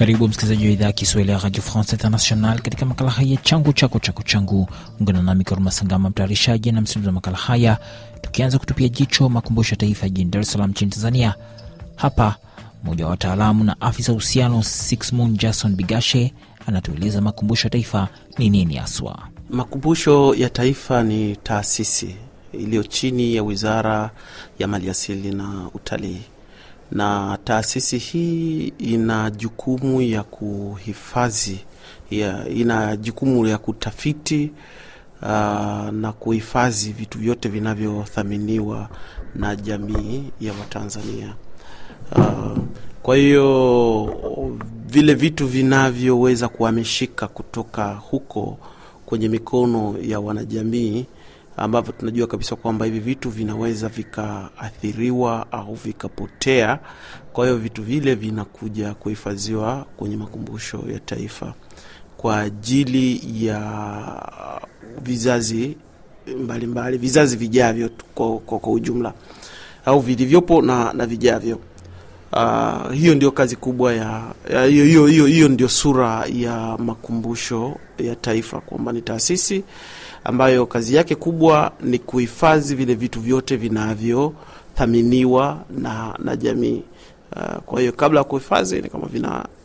Karibu msikilizaji wa idhaa ya Kiswahili ya Radio France International katika makala haya changu chako chako changu. Ungana nami Karuma Sangama, mtayarishaji na msimulizi wa makala haya, tukianza kutupia jicho makumbusho ya taifa jijini Dar es nchini Tanzania. Hapa mmoja wa wataalamu na afisa uhusiano Sixmon Jason Bigashe anatueleza makumbusho ya taifa ni nini haswa. Makumbusho ya taifa ni taasisi iliyo chini ya Wizara ya Maliasili na Utalii na taasisi hii ina jukumu ya kuhifadhi ya, ina jukumu ya kutafiti uh, na kuhifadhi vitu vyote vinavyothaminiwa na jamii ya Watanzania. Uh, kwa hiyo vile vitu vinavyoweza kuhamishika kutoka huko kwenye mikono ya wanajamii ambavyo tunajua kabisa kwamba hivi vitu vinaweza vikaathiriwa au vikapotea. Kwa hiyo vitu vile vinakuja kuhifadhiwa kwenye makumbusho ya taifa kwa ajili ya vizazi mbalimbali mbali, vizazi vijavyo kwa, kwa, kwa ujumla au vilivyopo na, na vijavyo. Uh, hiyo ndio kazi kubwa ya hiyo hiyo hiyo ndio sura ya makumbusho ya taifa kwamba ni taasisi ambayo kazi yake kubwa ni kuhifadhi vile vitu vyote vinavyothaminiwa na, na jamii. Uh, kwa hiyo kabla ya kuhifadhi ni kama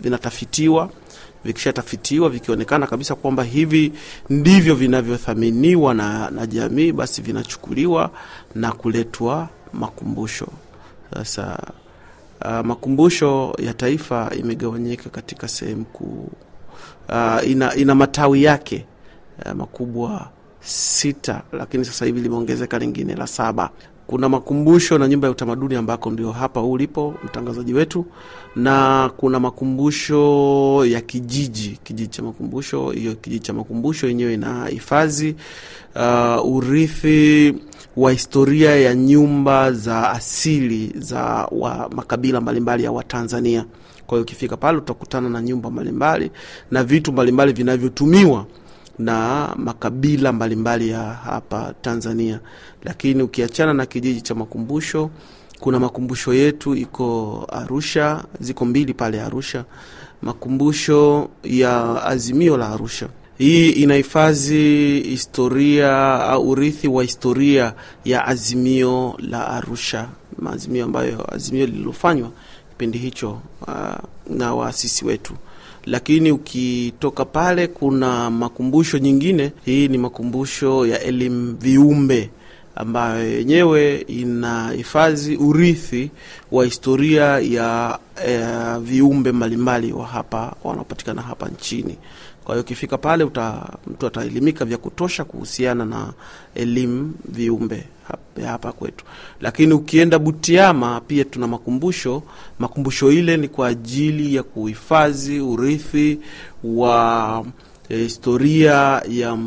vinatafitiwa, vina vikishatafitiwa vikionekana kabisa kwamba hivi ndivyo vinavyothaminiwa na, na jamii, basi vinachukuliwa na kuletwa makumbusho. Sasa uh, makumbusho ya taifa imegawanyika katika sehemu kuu uh, ina, ina matawi yake uh, makubwa sita, lakini sasa hivi limeongezeka lingine la saba. Kuna makumbusho na nyumba ya utamaduni ambako ndio hapa ulipo mtangazaji wetu, na kuna makumbusho ya kijiji, kijiji cha makumbusho. Hiyo kijiji cha makumbusho yenyewe ina hifadhi uh, urithi wa historia ya nyumba za asili za wa makabila mbalimbali ya Watanzania. Kwa hiyo ukifika pale utakutana na nyumba mbalimbali na vitu mbalimbali vinavyotumiwa na makabila mbalimbali ya hapa Tanzania. Lakini ukiachana na kijiji cha makumbusho, kuna makumbusho yetu iko Arusha, ziko mbili pale Arusha, makumbusho ya Azimio la Arusha. Hii inahifadhi historia au urithi wa historia ya Azimio la Arusha, maazimio ambayo azimio lililofanywa kipindi hicho uh, na waasisi wetu lakini ukitoka pale kuna makumbusho nyingine. Hii ni makumbusho ya elimu viumbe ambayo yenyewe inahifadhi urithi wa historia ya, ya viumbe mbalimbali wa hapa wanaopatikana hapa nchini. Kwa hiyo ukifika pale uta, mtu ataelimika vya kutosha kuhusiana na elimu viumbe hapa ya hapa kwetu. Lakini ukienda Butiama pia tuna makumbusho. Makumbusho ile ni kwa ajili ya kuhifadhi urithi wa eh, historia ya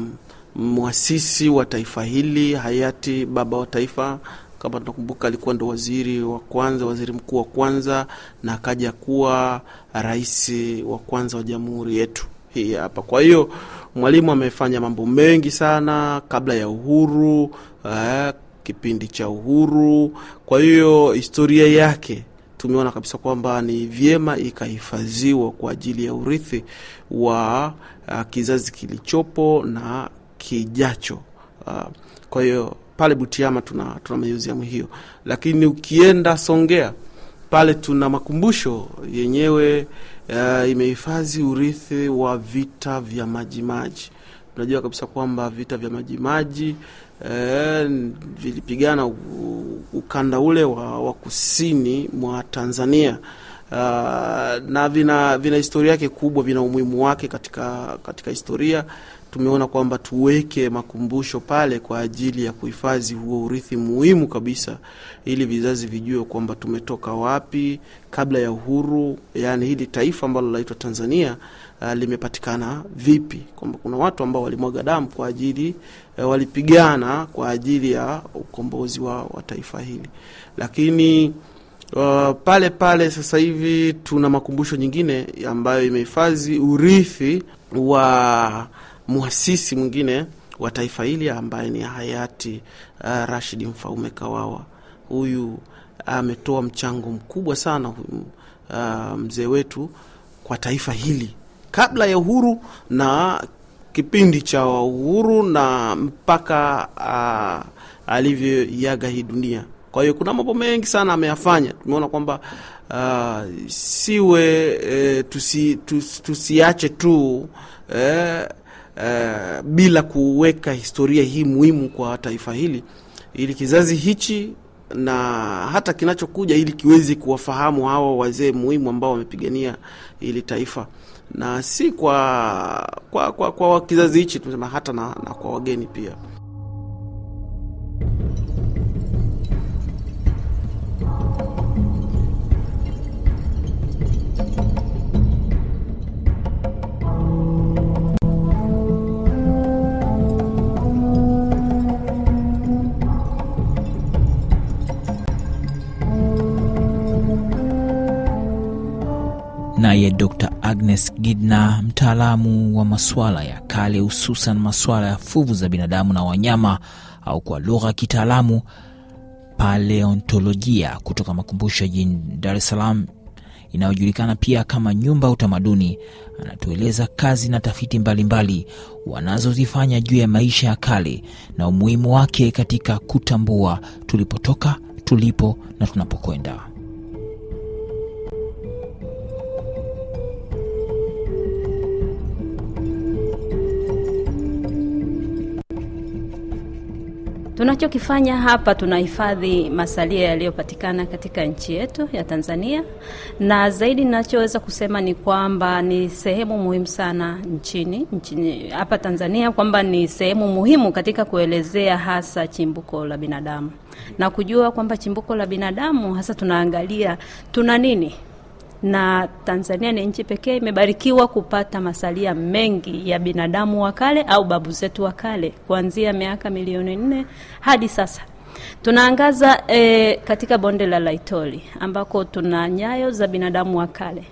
mwasisi wa taifa hili hayati baba wa taifa kama tunakumbuka alikuwa ndo waziri wa kwanza, waziri mkuu wa kwanza, na akaja kuwa rais wa kwanza wa jamhuri yetu hii hapa. Kwa hiyo Mwalimu amefanya mambo mengi sana kabla ya uhuru eh, kipindi cha uhuru. Kwa hiyo historia yake tumeona kabisa kwamba ni vyema ikahifadhiwa kwa ajili ya urithi wa uh, kizazi kilichopo na kijacho. Uh, kwa hiyo pale Butiama tuna, tuna miuziamu hiyo, lakini ukienda Songea pale tuna makumbusho yenyewe uh, imehifadhi urithi wa vita vya Majimaji. Tunajua kabisa kwamba vita vya Majimaji Eh, vilipigana vilipigana ukanda ule wa, wa kusini mwa Tanzania. Uh, na vina, vina historia yake kubwa, vina umuhimu wake katika, katika historia tumeona kwamba tuweke makumbusho pale kwa ajili ya kuhifadhi huo urithi muhimu kabisa, ili vizazi vijue kwamba tumetoka wapi kabla ya uhuru, yani hili taifa ambalo linaitwa Tanzania uh, limepatikana vipi, kwamba kuna watu ambao walimwaga damu kwa ajili uh, walipigana kwa ajili ya ukombozi wa, wa taifa hili lakini Uh, pale pale sasa hivi tuna makumbusho nyingine ambayo imehifadhi urithi wa mwasisi mwingine wa taifa hili ambaye ni hayati uh, Rashid Mfaume Kawawa. Huyu ametoa uh, mchango mkubwa sana uh, mzee wetu kwa taifa hili kabla ya uhuru na kipindi cha uhuru na mpaka uh, alivyoiaga hii dunia. Kwa hiyo kuna mambo mengi sana ameyafanya. Tumeona kwamba uh, siwe e, tusi, tusi, tusiache tu eh, uh, bila kuweka historia hii muhimu kwa taifa hili ili kizazi hichi na hata kinachokuja ili kiwezi kuwafahamu hawa wazee muhimu ambao wamepigania ili taifa na si kwa kwa, kwa, kwa kizazi hichi tunasema hata na, na kwa wageni pia Agnes Gidna, mtaalamu wa masuala ya kale, hususan masuala ya fuvu za binadamu na wanyama, au kwa lugha ya kitaalamu paleontolojia, kutoka makumbusho jijini Dar es Salaam inayojulikana pia kama nyumba ya utamaduni, anatueleza kazi na tafiti mbalimbali wanazozifanya juu ya maisha ya kale na umuhimu wake katika kutambua tulipotoka, tulipo na tunapokwenda. Tunachokifanya hapa, tunahifadhi masalia yaliyopatikana katika nchi yetu ya Tanzania, na zaidi ninachoweza kusema ni kwamba ni sehemu muhimu sana nchini nchini hapa Tanzania, kwamba ni sehemu muhimu katika kuelezea hasa chimbuko la binadamu na kujua kwamba chimbuko la binadamu hasa tunaangalia tuna nini na Tanzania ni nchi pekee imebarikiwa kupata masalia mengi ya binadamu wa kale au babu zetu wa kale kuanzia miaka milioni nne hadi sasa. Tunaangaza e, katika bonde la Laitoli ambako tuna nyayo za binadamu wa kale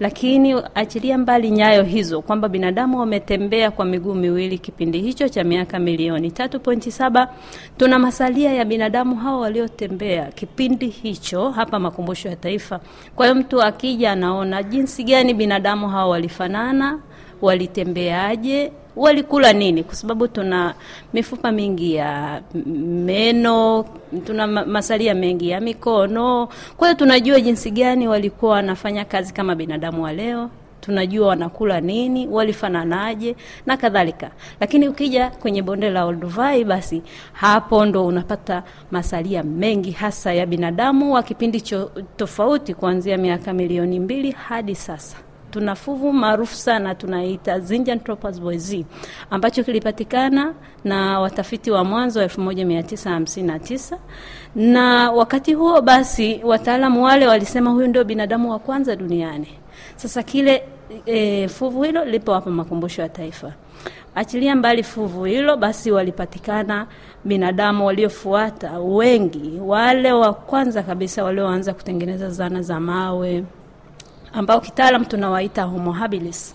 lakini achilia mbali nyayo hizo kwamba binadamu wametembea kwa miguu miwili kipindi hicho cha miaka milioni 3.7, tuna masalia ya binadamu hao waliotembea kipindi hicho hapa makumbusho ya Taifa. Kwa hiyo mtu akija anaona jinsi gani binadamu hao walifanana walitembeaje, walikula nini, kwa sababu tuna mifupa mingi ya meno, tuna masalia mengi ya mikono. Kwa hiyo tunajua jinsi gani walikuwa wanafanya kazi kama binadamu wa leo, tunajua wanakula nini, walifananaje na kadhalika. Lakini ukija kwenye bonde la Olduvai, basi hapo ndo unapata masalia mengi hasa ya binadamu wa kipindi tofauti, kuanzia miaka milioni mbili hadi sasa tuna fuvu maarufu sana tunaita Zinjan Tropaz Boyz ambacho kilipatikana na watafiti wa mwanzo wa 1959 na wakati huo basi wataalamu wale walisema huyu ndio binadamu wa kwanza duniani. Sasa kile e, fuvu hilo lipo hapa makumbusho ya taifa. Achilia mbali fuvu hilo, basi walipatikana binadamu waliofuata wengi, wale wa kwanza kabisa walioanza kutengeneza zana za mawe ambao kitaalam tunawaita Homo habilis.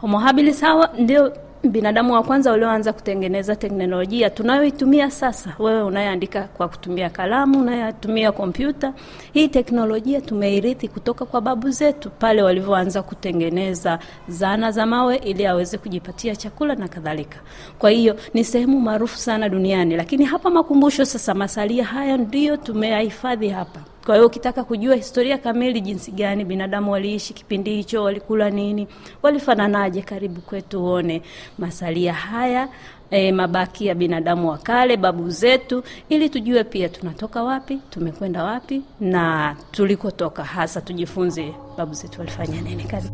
Homo habilis hawa ndio binadamu wa kwanza walioanza kutengeneza teknolojia tunayoitumia sasa. Wewe unayeandika kwa kutumia kalamu, unayetumia kompyuta, hii teknolojia tumeirithi kutoka kwa babu zetu pale walivyoanza kutengeneza zana za mawe ili aweze kujipatia chakula na kadhalika. Kwa hiyo ni sehemu maarufu sana duniani, lakini hapa makumbusho sasa, masalia haya ndiyo tumeyahifadhi hapa. Kwa hiyo ukitaka kujua historia kamili, jinsi gani binadamu waliishi kipindi hicho, walikula nini, walifananaje, karibu kwetu uone masalia haya E, mabaki ya binadamu wa kale, babu zetu, ili tujue pia tunatoka wapi, tumekwenda wapi na tulikotoka, hasa tujifunze babu zetu walifanya nini kazi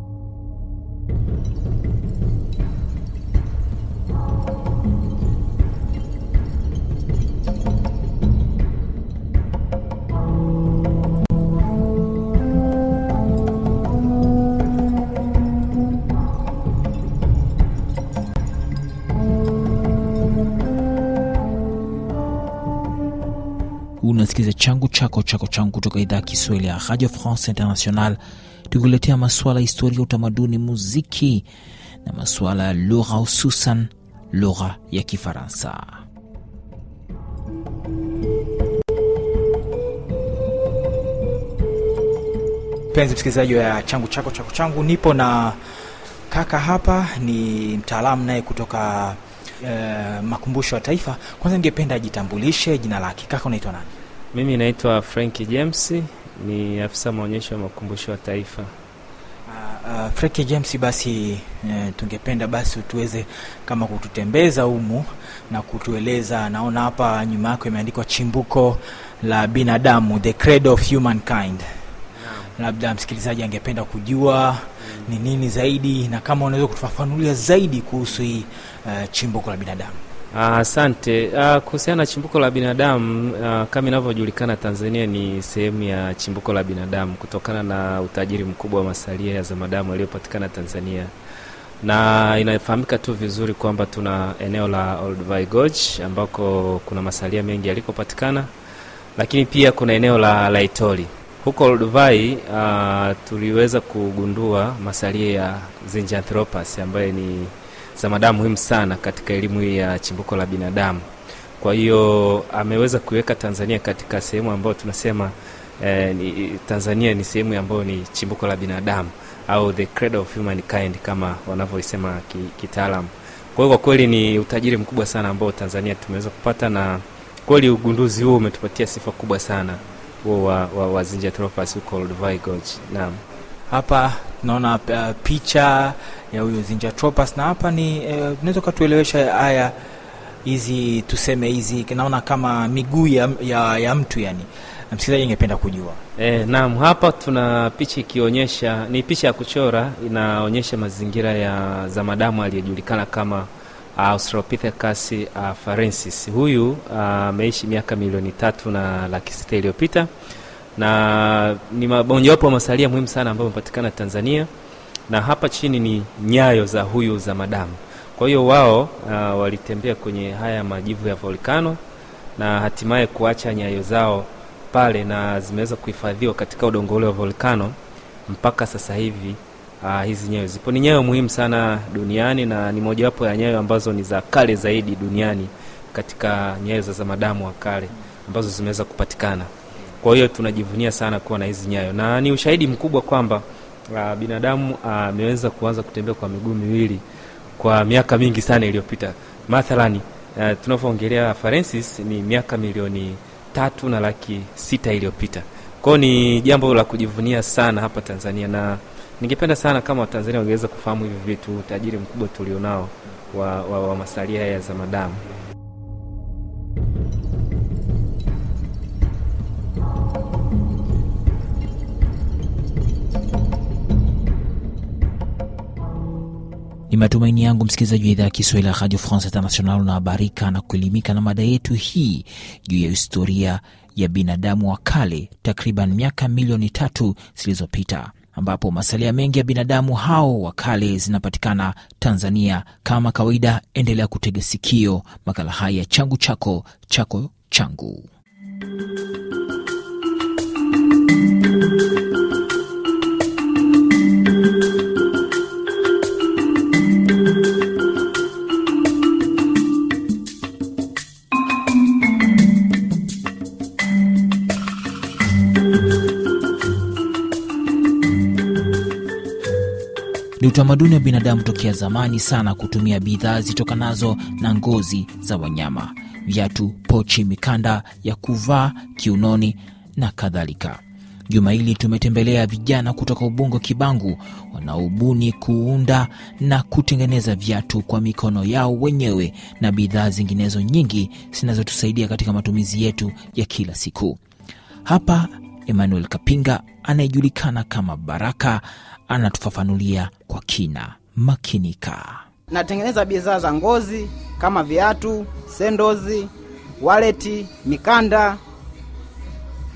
unasikiliza changu chako chako changu kutoka idhaa ya Kiswahili ya Radio France International, tukuletea maswala ya historia, utamaduni, muziki na masuala ya lugha, hususan lugha ya Kifaransa. Mpenzi msikilizaji wa changu chako chako changu, nipo na kaka hapa, ni mtaalamu naye kutoka Uh, makumbusho ya taifa. Kwanza ningependa ajitambulishe jina lake. Kaka, unaitwa nani? Mimi naitwa Frank James, ni afisa maonyesho ya makumbusho ya taifa. Uh, ah, ah, Frank James, basi e, tungependa basi tuweze kama kututembeza humu na kutueleza. Naona hapa nyuma yako imeandikwa chimbuko la binadamu, the cradle of humankind. Labda msikilizaji angependa kujua ni nini zaidi, na kama unaweza kutufafanulia zaidi kuhusu hii uh, chimbuko la binadamu. Asante. Uh, uh, kuhusiana na chimbuko la binadamu uh, kama inavyojulikana Tanzania ni sehemu ya chimbuko la binadamu kutokana na utajiri mkubwa wa masalia ya zamadamu yaliyopatikana Tanzania, na inafahamika tu vizuri kwamba tuna eneo la Olduvai Gorge ambako kuna masalia mengi yalikopatikana, lakini pia kuna eneo la Laitoli. Huko Olduvai uh, ah, tuliweza kugundua masalia ya Zinjanthropus ambaye ni za madawa muhimu sana katika elimu hii ya chimbuko la binadamu. Kwa hiyo ameweza kuiweka Tanzania katika sehemu ambayo tunasema eh, ni, Tanzania ni sehemu ambayo ni chimbuko la binadamu au the of kama wanavyoisema kitaalamu kwa hiyo kwa kweli ni utajiri mkubwa sana ambao Tanzania tumeweza kupata, na kweli ugunduzi huu umetupatia sifa kubwa sana huo wa, wa, wa zinjatropas huko Naam. Hapa tunaona uh, picha ya huyo Zinjatropus na hapa ni eh, unaweza ukatuelewesha haya hizi tuseme hizi naona kama miguu ya, ya, ya mtu yani msikilizaji ingependa kujua e, naam hapa tuna picha ikionyesha ni picha ya kuchora inaonyesha mazingira ya zamadamu aliyejulikana kama uh, Australopithecus uh, farensis huyu uh, ameishi uh, miaka milioni tatu na laki sita iliyopita na ni mojawapo wa masalia muhimu sana ambayo amepatikana Tanzania, na hapa chini ni nyayo za huyu za madamu. Kwa hiyo wao uh, walitembea kwenye haya majivu ya volkano na hatimaye kuacha nyayo zao pale, na zimeweza kuhifadhiwa katika udongo ule wa volkano mpaka sasa hivi. Uh, hizi nyayo zipo, ni nyayo muhimu sana duniani na ni mojawapo ya nyayo ambazo ni za kale zaidi duniani katika nyayo za zamadamu wa kale ambazo zimeweza kupatikana. Kwa hiyo tunajivunia sana kuwa na hizi nyayo na ni ushahidi mkubwa kwamba uh, binadamu uh, ameweza uh, kuanza kutembea kwa miguu miwili kwa miaka mingi sana iliyopita. Mathalani uh, tunavyoongelea Francis ni miaka milioni tatu na laki sita iliyopita. Kwao ni jambo la kujivunia sana hapa Tanzania, na ningependa sana kama Watanzania wangeweza kufahamu hivi vitu, utajiri mkubwa tulionao wa, wa, wa masalia ya zamadamu matumaini yangu msikilizaji wa idhaa ya Kiswahili ya Radio France International unahabarika na kuelimika na mada yetu hii juu ya historia ya binadamu wa kale takriban miaka milioni tatu zilizopita ambapo masalia mengi ya binadamu hao wa kale zinapatikana Tanzania. Kama kawaida, endelea kutega sikio makala haya changu chako chako changu. utamaduni wa binadamu tokea zamani sana kutumia bidhaa zitokanazo na ngozi za wanyama: viatu, pochi, mikanda ya kuvaa kiunoni na kadhalika. Juma hili tumetembelea vijana kutoka Ubongo Kibangu wanaobuni, kuunda na kutengeneza viatu kwa mikono yao wenyewe na bidhaa zinginezo nyingi zinazotusaidia katika matumizi yetu ya kila siku. Hapa Emmanuel Kapinga anayejulikana kama Baraka anatufafanulia kwa kina. Makinika. Natengeneza bidhaa za ngozi kama viatu, sendozi, waleti, mikanda,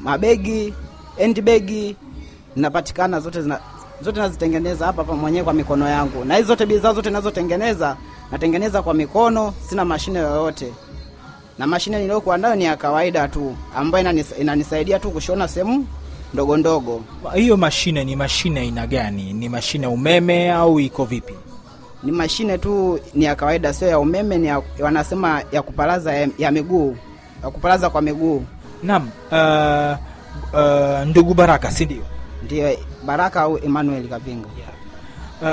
mabegi, endibegi zinapatikana zote, zina, zote nazitengeneza hapa hapa mwenyewe kwa mikono yangu, na hizi zote bidhaa zote nazotengeneza natengeneza kwa mikono, sina mashine yoyote, na mashine niliyokuwa nayo ni ya kawaida tu ambayo inanisaidia tu kushona sehemu ndogo ndogo. Hiyo mashine ni mashine aina gani? Ni mashine umeme au iko vipi? Ni mashine tu, ni ya kawaida, sio ya umeme. Ni ya, wanasema ya kupalaza ya, ya miguu, ya kupalaza kwa miguu. Naam. Uh, uh, ndugu Baraka, si ndio? Ndio, Baraka au Emmanuel Kapinga, yeah.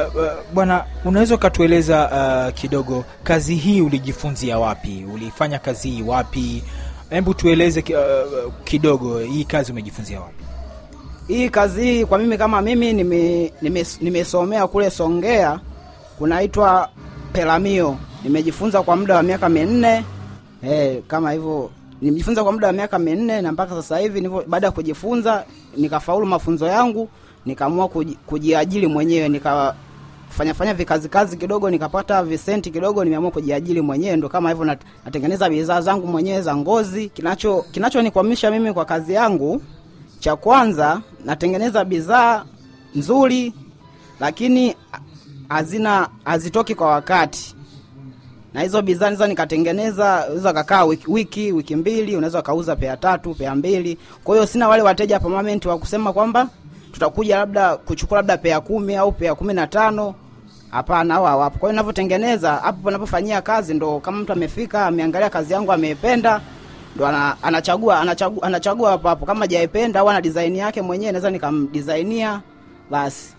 Uh, uh, bwana, unaweza ukatueleza uh, kidogo kazi hii ulijifunzia wapi? Ulifanya kazi hii wapi? Hebu tueleze uh, kidogo hii kazi umejifunzia wapi? hii kazi hii kwa mimi kama mimi nimesomea nime, nime, kule Songea kunaitwa Pelamio. Nimejifunza kwa muda wa miaka minne eh, kama hivyo nimejifunza kwa muda wa miaka minne na mpaka sasa hivi nivyo, baada ya kujifunza nikafaulu mafunzo yangu, nikaamua kujiajili mwenyewe nika fanya vikazi kazi kidogo, nikapata visenti kidogo, nimeamua kujiajili mwenyewe, ndo kama hivyo natengeneza bidhaa zangu mwenyewe za ngozi. Kinacho kinachonikwamisha mimi kwa kazi yangu cha kwanza natengeneza bidhaa nzuri, lakini hazina hazitoki kwa wakati, na hizo bidhaa naweza nikatengeneza, unaweza kakaa wiki, wiki wiki mbili, unaweza kauza pea tatu pea mbili. Kwa hiyo sina wale wateja permanent wa kusema kwamba tutakuja labda kuchukua labda pea kumi au pea kumi na tano. Hapana, au hawapo. Kwa hiyo navyotengeneza hapo panapofanyia kazi, ndo kama mtu amefika ameangalia kazi yangu ameipenda ndo anachagua anachagua anachagua hapo hapo, kama jaipenda au ana design yake mwenyewe, naweza nikamdesignia basi.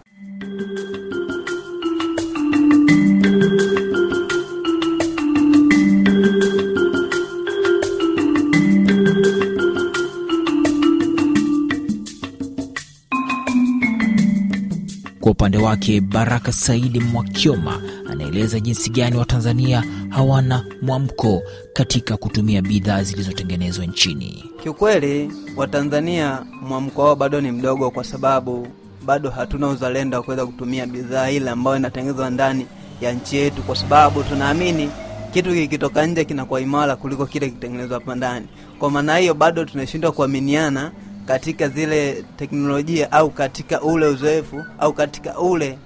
Kwa upande wake Baraka Saidi mwakioma anaeleza jinsi gani Watanzania hawana mwamko katika kutumia bidhaa zilizotengenezwa nchini. Kiukweli, Watanzania mwamko wao bado ni mdogo, kwa sababu bado hatuna uzalendo wa kuweza kutumia bidhaa ile ambayo inatengenezwa ndani ya nchi yetu, kwa sababu tunaamini kitu kikitoka nje kinakuwa imara kuliko kile kitengenezwa hapa ndani. Kwa maana hiyo, bado tunashindwa kuaminiana katika zile teknolojia au katika ule uzoefu au katika ule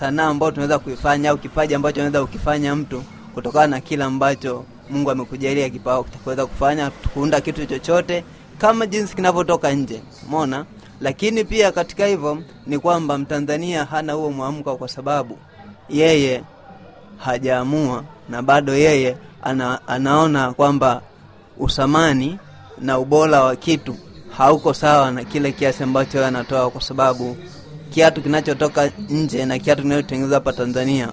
sanaa ambayo tunaweza kuifanya au kipaji ambacho unaweza kukifanya mtu kutokana na kila ambacho Mungu amekujalia kipao kuweza kufanya, kuunda kitu chochote kama jinsi kinavyotoka nje, umeona. Lakini pia katika hivyo ni kwamba Mtanzania hana huo mwamko, kwa sababu yeye hajaamua na bado yeye ana, anaona kwamba usamani na ubora wa kitu hauko sawa na kile kiasi ambacho anatoa, kwa sababu kiatu kinachotoka nje na kiatu kinachotengenezwa hapa Tanzania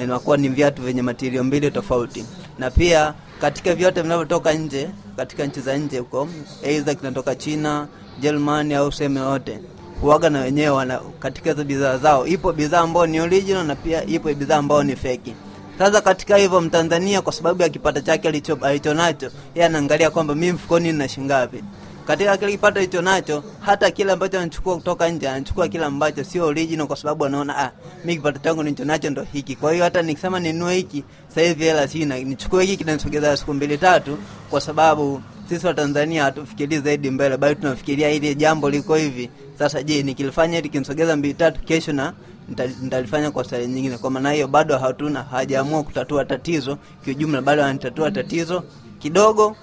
inakuwa ni viatu vyenye matirio mbili tofauti, na pia katika vyote vinavyotoka nje katika nchi za nje huko, aidha kinatoka China, Germany au sehemu yoyote, huaga na wenyewe wana katika hizo bidhaa zao, ipo bidhaa ambayo ni original na pia ipo bidhaa ambayo ni feki. Sasa katika hivyo Mtanzania kwa sababu ya kipato chake alichonacho, yeye anaangalia kwamba mimi mfukoni nina shilingi ngapi katika kile kipato hicho nacho, hata kile ambacho anachukua kutoka nje anachukua kile ambacho sio original, kwa sababu anaona ah, mimi kipato changu nilicho nacho ndo hiki. Kwa hiyo hata nikisema ninunue hiki sasa hivi hela sina, nichukue hiki kinanisogeza siku mbili tatu, kwa sababu sisi wa Tanzania hatufikirii zaidi mbele, bali tunafikiria ile jambo liko hivi sasa. Je, nikilifanya hili kinisogeza mbili tatu, kesho na nitalifanya kwa starehe nyingine. Kwa maana hiyo, bado hatuna hajaamua kutatua tatizo kiujumla, bado anatatua tatizo kidogo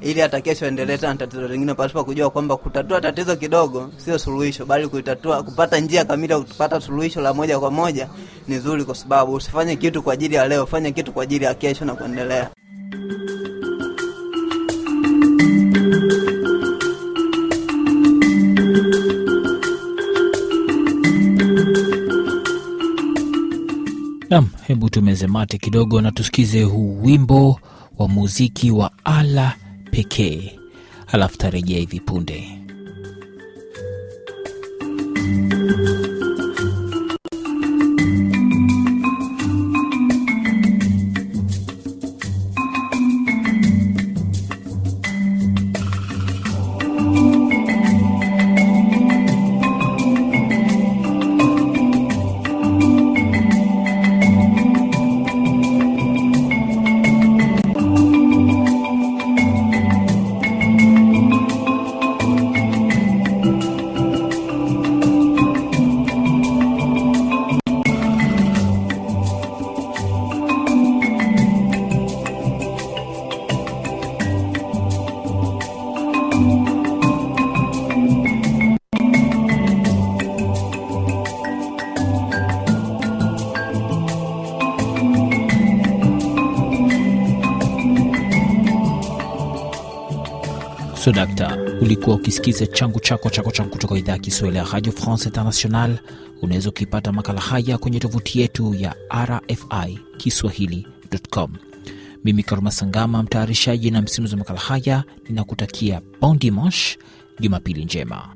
ili hata kesho endelee tena tatizo lingine, pasipo kujua kwamba kutatua tatizo kidogo sio suluhisho, bali kuitatua, kupata njia kamili ya kupata suluhisho la moja kwa moja ni zuri, kwa sababu usifanye kitu kwa ajili ya leo, fanya kitu kwa ajili ya kesho na kuendelea. Nam, hebu tumeze mate kidogo na tusikize huu wimbo wa muziki wa ala pekee, alafu tarejea hivi punde. dakta ulikuwa ukisikiza changu chako chako changu kutoka idhaa ya Kiswahili ya Radio France International. Unaweza ukipata makala haya kwenye tovuti yetu ya RFI Kiswahili.com. Mimi Karuma Sangama, mtayarishaji na msimuzi wa makala haya, ninakutakia bon dimanche, jumapili njema.